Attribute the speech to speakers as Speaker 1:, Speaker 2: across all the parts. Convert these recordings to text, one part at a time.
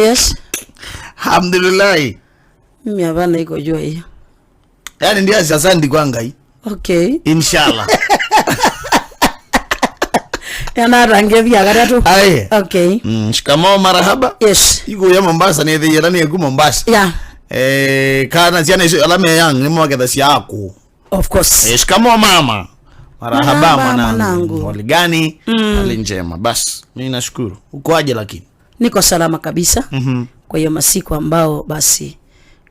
Speaker 1: Yes.
Speaker 2: Alhamdulillah.
Speaker 1: Mimi hapana iko jua hiyo.
Speaker 2: Yaani ndio sasa ndikwanga hii. Okay. Inshallah.
Speaker 1: Yana rangi vya gara tu. Aye.
Speaker 2: Okay. Mm, shikamoo marahaba.
Speaker 1: Yes. Iko ya
Speaker 2: Mombasa ni ya ndani ya Mombasa. Yeah.
Speaker 1: Eh,
Speaker 2: kana ziana hizo alama ya yangu ni mwa kadhasi
Speaker 1: yako. Of
Speaker 2: course. Eh, shikamoo mama.
Speaker 1: Marahaba mwanangu. Wali gani?
Speaker 2: Mm. Hali njema. Bas, mimi nashukuru. Uko aje lakini? niko salama
Speaker 1: kabisa mm -hmm. Kwa hiyo masiku ambao basi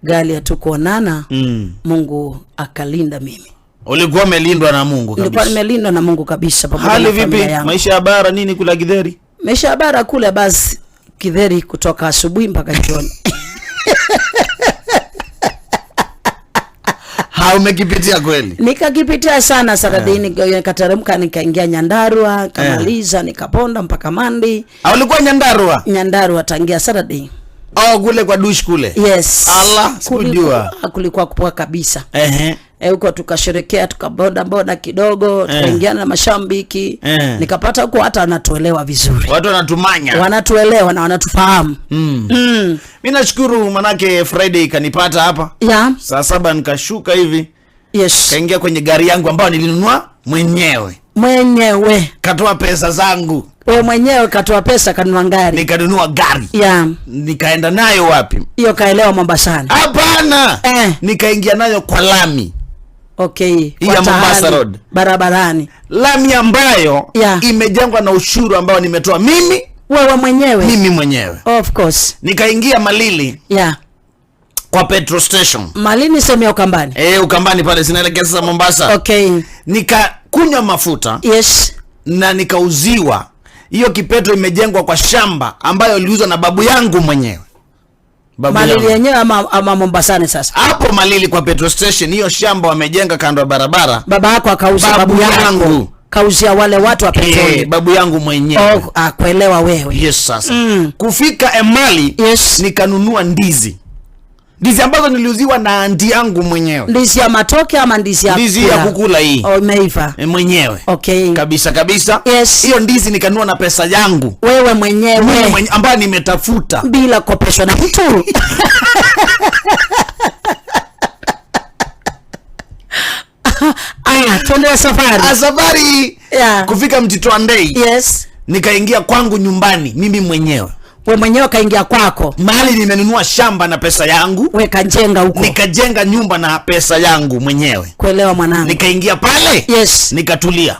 Speaker 1: gali hatukuonana mm. Mungu akalinda mimi.
Speaker 2: Ulikuwa umelindwa na Mungu kabisa?
Speaker 1: nimelindwa na Mungu kabisa. Hali vipi
Speaker 2: maisha ya bara nini kula Githeri? Maisha
Speaker 1: ya bara kule basi kidheri kutoka asubuhi mpaka jioni
Speaker 2: Ah, umekipitia kweli?
Speaker 1: Nikakipitia sana Saradini yeah. Nikateremka nikaingia Nyandarua, eh. kamaliza yeah. Nikaponda mpaka Mandi.
Speaker 2: Ah, ulikuwa Nyandarua?
Speaker 1: Nyandarua tangia Saradini.
Speaker 2: Oh, kule kwa dush
Speaker 1: kule. Yes.
Speaker 2: Allah, sikujua.
Speaker 1: Kulikuwa kupoa kabisa. Ehe. Uh -huh. Eh, huko tukasherekea tukasherekea boda kidogo eh, na mashambiki eh, nikapata huko hata wanatuelewa vizuri, watu
Speaker 2: wanatumanya, wanatuelewa
Speaker 1: na wanatufahamu mm. mm.
Speaker 2: Mimi nashukuru manake Friday kanipata hapa yeah, saa saba nikashuka hivi yes, kaingia kwenye gari yangu ambayo nilinunua mwenyewe mwenyewe, katoa pesa zangu
Speaker 1: wewe mwenyewe katoa pesa kanunua gari,
Speaker 2: nikanunua gari yeah. Nikaenda nayo wapi
Speaker 1: hiyo? Kaelewa Mombasani?
Speaker 2: Hapana eh. Nikaingia nayo kwa lami Okay, hii ya Mombasa
Speaker 1: Road barabarani,
Speaker 2: lami ambayo yeah, imejengwa na ushuru ambao nimetoa mimi
Speaker 1: wewe mwenyewe
Speaker 2: mimi mwenyewe of
Speaker 1: course, nikaingia
Speaker 2: Malili yeah, kwa petrol station
Speaker 1: Malini ya
Speaker 2: Ukambani, eh, Ukambani pale zinaelekea sasa
Speaker 1: Mombasa. Okay,
Speaker 2: nikakunywa mafuta yes, na nikauziwa hiyo kipetro imejengwa kwa shamba ambayo iliuzwa na babu yangu mwenyewe
Speaker 1: Malili yenyewe ama, ama Mombasani sasa.
Speaker 2: Hapo Malili kwa petrol station hiyo shamba wamejenga kando ya
Speaker 1: barabara. Baba yako
Speaker 2: akauza babu, babu
Speaker 1: yangu. Kauzia wale watu wa eh, petroli.
Speaker 2: Hey, babu yangu mwenyewe.
Speaker 1: Oh, akuelewa wewe. Yes sasa.
Speaker 2: Mm. Kufika Emali yes. Nikanunua ndizi. Ndizi ambazo niliuziwa na andi yangu
Speaker 1: mwenyewe. Ndizi ya matoke ama ndizi ya ndizi
Speaker 2: ya kukula hii? Oh,
Speaker 1: imeiva. Eh, mwenyewe.
Speaker 2: Okay. Kabisa kabisa. Yes. Hiyo ndizi nikanua na pesa yangu. Wewe
Speaker 1: mwenyewe. Mwenye, mwenye,
Speaker 2: ambayo nimetafuta
Speaker 1: bila kopeshwa na mtu. Aya, tuendelee safari. A ah,
Speaker 2: safari. Yeah. Kufika Mtito Yes. Nikaingia kwangu nyumbani mimi mwenyewe
Speaker 1: we mwenyewe kaingia kwako mahali.
Speaker 2: Nimenunua shamba na pesa yangu,
Speaker 1: wekajenga huko,
Speaker 2: nikajenga nyumba na pesa yangu
Speaker 1: mwenyewe, kuelewa mwanangu.
Speaker 2: Nikaingia pale, yes, nikatulia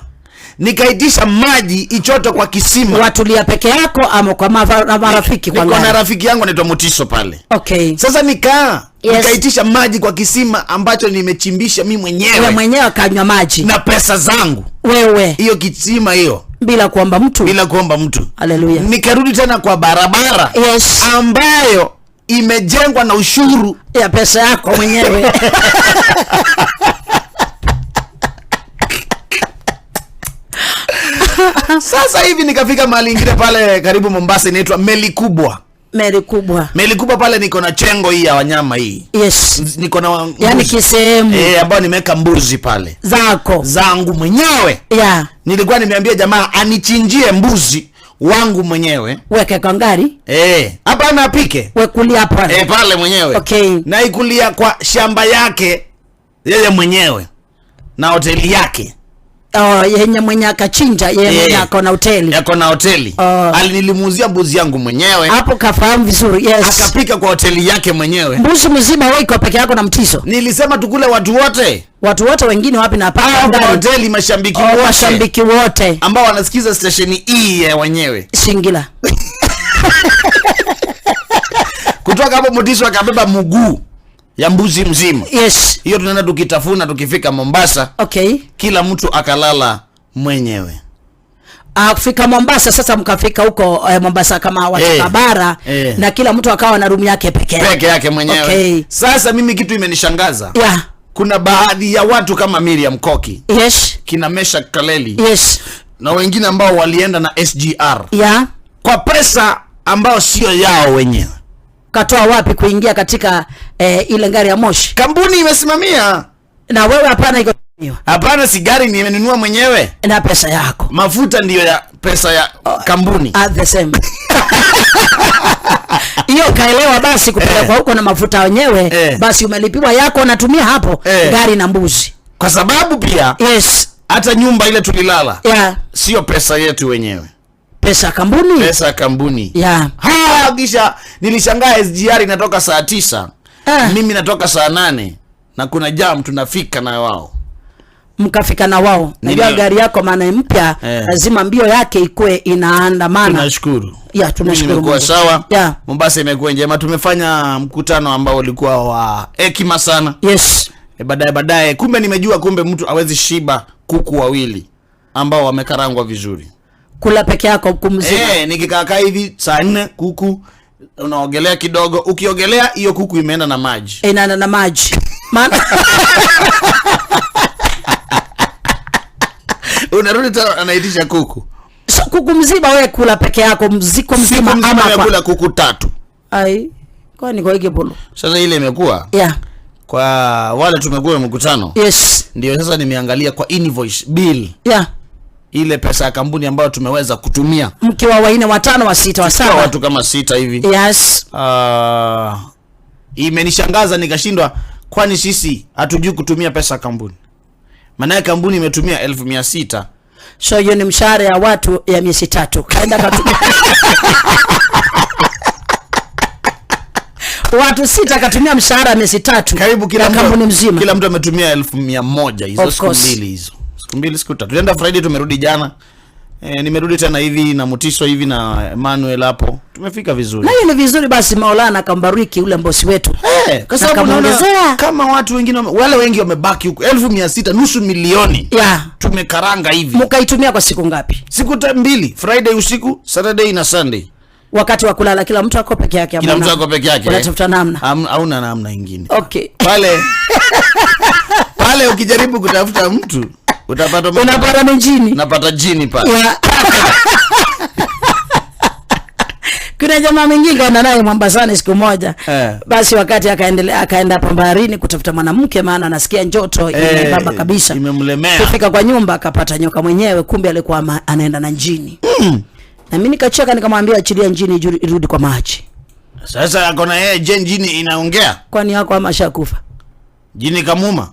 Speaker 2: nikaitisha maji ichoto kwa kisima.
Speaker 1: Watulia peke yako ama kwa marafiki? Kwa na
Speaker 2: rafiki yangu anaitwa Motiso pale. Okay, sasa nikaa yes. Nikaitisha maji kwa kisima ambacho nimechimbisha mimi mwenyewe, wewe mwenyewe
Speaker 1: akanywa maji na
Speaker 2: pesa zangu,
Speaker 1: wewe hiyo
Speaker 2: kisima hiyo bila
Speaker 1: kuomba mtu, bila
Speaker 2: kuomba mtu. Haleluya! Nikarudi tena kwa barabara yes, ambayo imejengwa na ushuru
Speaker 1: ya pesa yako mwenyewe
Speaker 2: Sasa hivi nikafika mahali ingine pale karibu Mombasa, inaitwa Meli Kubwa
Speaker 1: meli kubwa,
Speaker 2: meli kubwa pale, niko na chengo hii ya wanyama
Speaker 1: hii. Yes,
Speaker 2: niko na yani
Speaker 1: kisehemu eh, ambayo
Speaker 2: nimeweka mbuzi pale zako zangu mwenyewe yeah. Nilikuwa nimeambia jamaa anichinjie mbuzi wangu
Speaker 1: mwenyewe weke kwa ngari eh,
Speaker 2: hapa na apike
Speaker 1: wekulia pale eh,
Speaker 2: pale mwenyewe okay, naikulia kwa shamba yake yeye mwenyewe na hoteli yake Oh,
Speaker 1: yenye mwenye akachinja yeye mwenye yeah. Ako na hoteli ako na
Speaker 2: hoteli oh. Alinimuuzia mbuzi yangu mwenyewe hapo,
Speaker 1: kafahamu vizuri yes.
Speaker 2: Akapika kwa hoteli yake mwenyewe mbuzi
Speaker 1: mzima, wewe iko peke yako na mtiso. Nilisema
Speaker 2: tukule watu wote
Speaker 1: watu wote wengine wapi na hapa ah, kwa
Speaker 2: hoteli, mashambiki oh, wote, mashambiki wote ambao wanasikiza station hii ya wenyewe Singila kutoka hapo, mtiso akabeba mguu ya mbuzi mzima. Yes. Hiyo tunaenda tukitafuna tukifika Mombasa.
Speaker 1: Okay. Kila
Speaker 2: mtu akalala mwenyewe.
Speaker 1: Ah, kufika Mombasa sasa mkafika huko eh, Mombasa kama watakabara eh. hey, eh. hey. Na kila mtu akawa na rumu yake pekee yake. Peke
Speaker 2: yake mwenyewe. Okay. Sasa mimi kitu imenishangaza. Yeah. Kuna baadhi ya watu kama Miriam Koki. Yes. Kina Mesha Kaleli. Yes. Na wengine ambao walienda na SGR. Yeah. Kwa pesa ambao sio yao wenyewe
Speaker 1: katoa wapi kuingia katika eh, ile gari ya moshi?
Speaker 2: Kampuni imesimamia na
Speaker 1: wewe hapana. Iko
Speaker 2: hapana, si gari nimenunua mwenyewe
Speaker 1: na pesa yako.
Speaker 2: Mafuta ndiyo ya pesa ya oh, kampuni at the same
Speaker 1: hiyo kaelewa basi kupelekwa eh, huko na mafuta wenyewe eh, basi umelipiwa yako, natumia hapo eh, gari na
Speaker 2: mbuzi, kwa sababu pia yes, hata nyumba ile tulilala yeah, sio pesa yetu wenyewe
Speaker 1: pesa ya kambuni, pesa
Speaker 2: ya kampuni yeah. Ha, kisha nilishangaa SGR inatoka saa tisa eh, mimi natoka saa nane na kuna jam tunafika na wao
Speaker 1: mkafika na wao. Najua gari yako maana mpya eh. lazima, eh, mbio yake ikuwe inaandamana. Tunashukuru
Speaker 2: ya, tunashukuru kwa sawa ya. Mombasa imekuwa njema, tumefanya mkutano ambao ulikuwa wa hekima sana yes. E, baadaye baadaye, kumbe nimejua kumbe mtu awezi shiba kuku wawili ambao wamekarangwa vizuri
Speaker 1: kula peke yako kumzima. Eh, nikikaakaa
Speaker 2: hivi saa nne kuku unaogelea kidogo, ukiogelea hiyo kuku imeenda na maji,
Speaker 1: inaenda eh, na maji maana
Speaker 2: unarudi tena anaitisha kuku
Speaker 1: so, kuku mzima wewe kula peke yako mziko mzima, mzima ama
Speaker 2: kwa... kula kuku tatu ai
Speaker 1: kwa ni kwa ikebolo sasa, ile
Speaker 2: imekuwa yeah kwa wale tumekuwa mkutano yes, ndio sasa nimeangalia kwa invoice bill yeah ile pesa ya kampuni ambayo tumeweza kutumia
Speaker 1: mke wa waine watano wa sita wa saba watu
Speaker 2: kama sita hivi. Yes. Uh, imenishangaza nikashindwa, kwani sisi hatujui kutumia pesa ya kampuni? Maana kampuni imetumia elfu mia sita
Speaker 1: so hiyo ni mshahara ya watu ya miezi tatu. Kaenda watu sita katumia mshahara miezi tatu, karibu kila mtu, kampuni mzima,
Speaker 2: kila mtu ametumia elfu mia moja hizo siku mbili hizo siku mbili siku tatu, tulienda Friday, tumerudi jana. E, nimerudi tena hivi na Mutiso hivi na Emmanuel hapo, tumefika vizuri. Na ni
Speaker 1: vizuri basi, Maulana akambariki ule mbosi wetu eh, kwa
Speaker 2: sababu unaona kama watu wengine wale wengi wamebaki huko elfu mia sita nusu milioni yeah. Tumekaranga
Speaker 1: hivi, mkaitumia kwa siku ngapi? Siku
Speaker 2: mbili, Friday usiku, Saturday na Sunday wakati
Speaker 1: wa kulala, kila mtu ako peke yake, kila mtu ako peke
Speaker 2: yake, unatafuta namna, hauna namna nyingine Okay, pale pale ukijaribu kutafuta mtu
Speaker 1: Utapata unapata mjini Napata jini pale. Kuna jamaa mwingine kaenda naye Mombasani siku moja. Eh. Basi wakati akaendelea akaenda hapa baharini kutafuta mwanamke maana anasikia njoto eh, imebaba kabisa.
Speaker 2: Imemlemea. Kufika kwa
Speaker 1: nyumba akapata nyoka mwenyewe kumbe alikuwa anaenda na njini. Mm. Na mimi nikacheka nikamwambia achilia njini irudi kwa maji.
Speaker 2: Sasa ako na yeye je, njini inaongea? Kwani
Speaker 1: yako ama shakufa? Jini kamuma.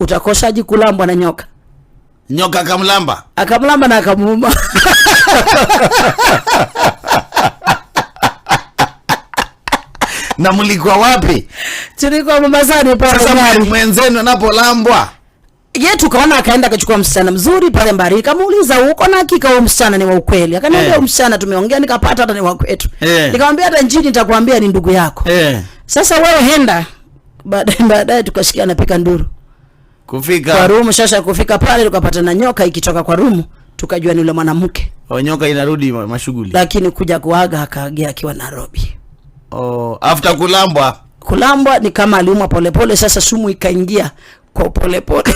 Speaker 1: utakosaje kulambwa na nyoka.
Speaker 2: Nyoka akamlamba, akamlamba na akamuuma. na mlikuwa wapi?
Speaker 1: Tulikuwa Mombasani pale. Sasa mwenzenu
Speaker 2: anapolambwa ye
Speaker 1: tukaona, akaenda akachukua msichana mzuri pale Mbari, nikamuuliza uko na hakika huyo msichana ni wa ukweli? Akaniambia hey. Eh. msichana tumeongea nikapata hata ni wa kwetu hey. Eh. Nikamwambia hata njini nitakwambia ni ndugu yako hey. Eh. Sasa wewe henda baadaye, baadaye tukasikia anapika nduru
Speaker 2: kufika kwa rumu.
Speaker 1: Shasha kufika pale tukapata na nyoka ikitoka kwa rumu, tukajua ni yule mwanamke.
Speaker 2: Oh, nyoka inarudi mashughuli, lakini kuja
Speaker 1: kuaga akaagia akiwa Nairobi. Oh,
Speaker 2: after kulambwa kulambwa ni kama
Speaker 1: aliumwa polepole, sasa sumu ikaingia kwa polepole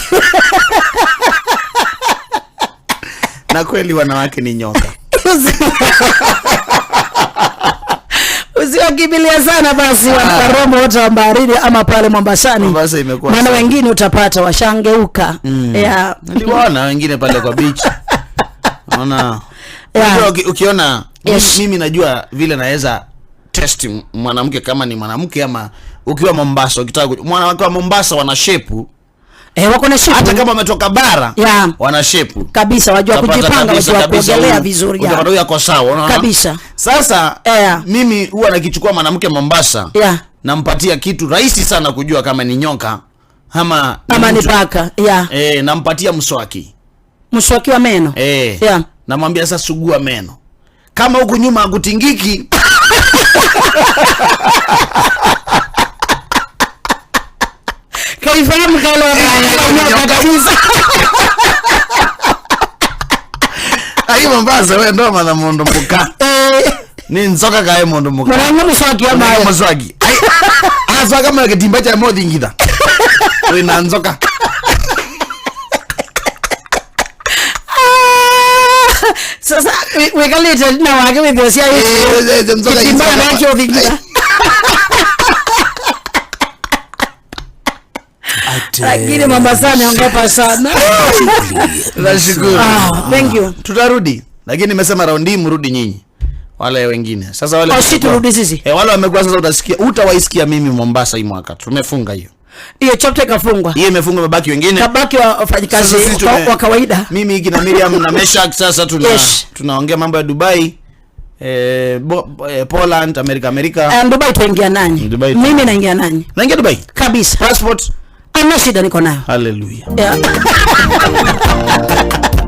Speaker 2: na kweli wanawake ni nyoka
Speaker 1: usiwakimbilia sana basi ah. wanakarombo wote wa baharini ama pale Mombasani, maana wengine utapata washangeuka. Mm.
Speaker 2: Yeah. Niliwaona wengine pale kwa beach ona yeah. Ukiona yes. Mimi najua vile naweza test mwanamke kama ni mwanamke ama ukiwa Mombasa, ukitaka mwanamke wa Mombasa wana shepu Eh, wako na shepu. Hata kama umetoka bara yeah. Wana shepu kabisa, wajua kujipanga,
Speaker 1: wajua kuogelea vizuri. Utapata huyu
Speaker 2: sawa, unaona kabisa. Sasa yeah. Mimi huwa nakichukua mwanamke Mombasa yeah. Nampatia kitu rahisi sana kujua kama ni nyoka ama ama ni paka
Speaker 1: yeah. E,
Speaker 2: nampatia mswaki mswaki
Speaker 1: wa meno e,
Speaker 2: yeah. Namwambia sasa sugua meno kama huku nyuma hakutingiki kaifahamu kabisa ayibo ah, mbaza wenda wamana mundu muka eh. nzoka kaye mundu muka mwananga
Speaker 1: muswaki ya maye muswaki
Speaker 2: azwaka mwana ah, kitimba cha modi ngida wina nzoka ah.
Speaker 1: sasa wekaleta na wake wethosya eh, kitimba kanacho thingida lakini mama sana angopa sana.
Speaker 2: Nashukuru.
Speaker 1: Ah, thank you. Ah,
Speaker 2: tutarudi. Lakini nimesema raundi mrudi nyinyi. Wale wengine. Sasa wale
Speaker 1: Oh shit turudi sisi.
Speaker 2: Eh, wale wamekuwa sasa utasikia utawaisikia mimi Mombasa hii mwaka. Tumefunga hiyo.
Speaker 1: Hiyo chapter ikafungwa.
Speaker 2: Hiyo imefungwa mabaki wengine.
Speaker 1: Mabaki wafanyikazi wa kawaida. Mimi hiki na
Speaker 2: Miriam na Meshak sasa tuna yes. tunaongea mambo ya Dubai. Eh, bo, eh, Poland, America, America.
Speaker 1: Um, Dubai tuingia nani? Mimi naingia nani? Naingia Dubai.
Speaker 2: Kabisa. Passport
Speaker 1: hamna shida, niko nayo. Haleluya.